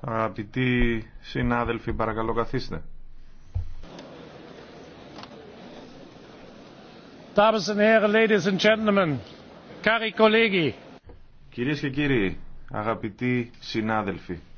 Αγαπητοί συνάδελφοι, παρακαλώ καθίστε. Κυρίες και κύριοι, αγαπητοί συνάδελφοι,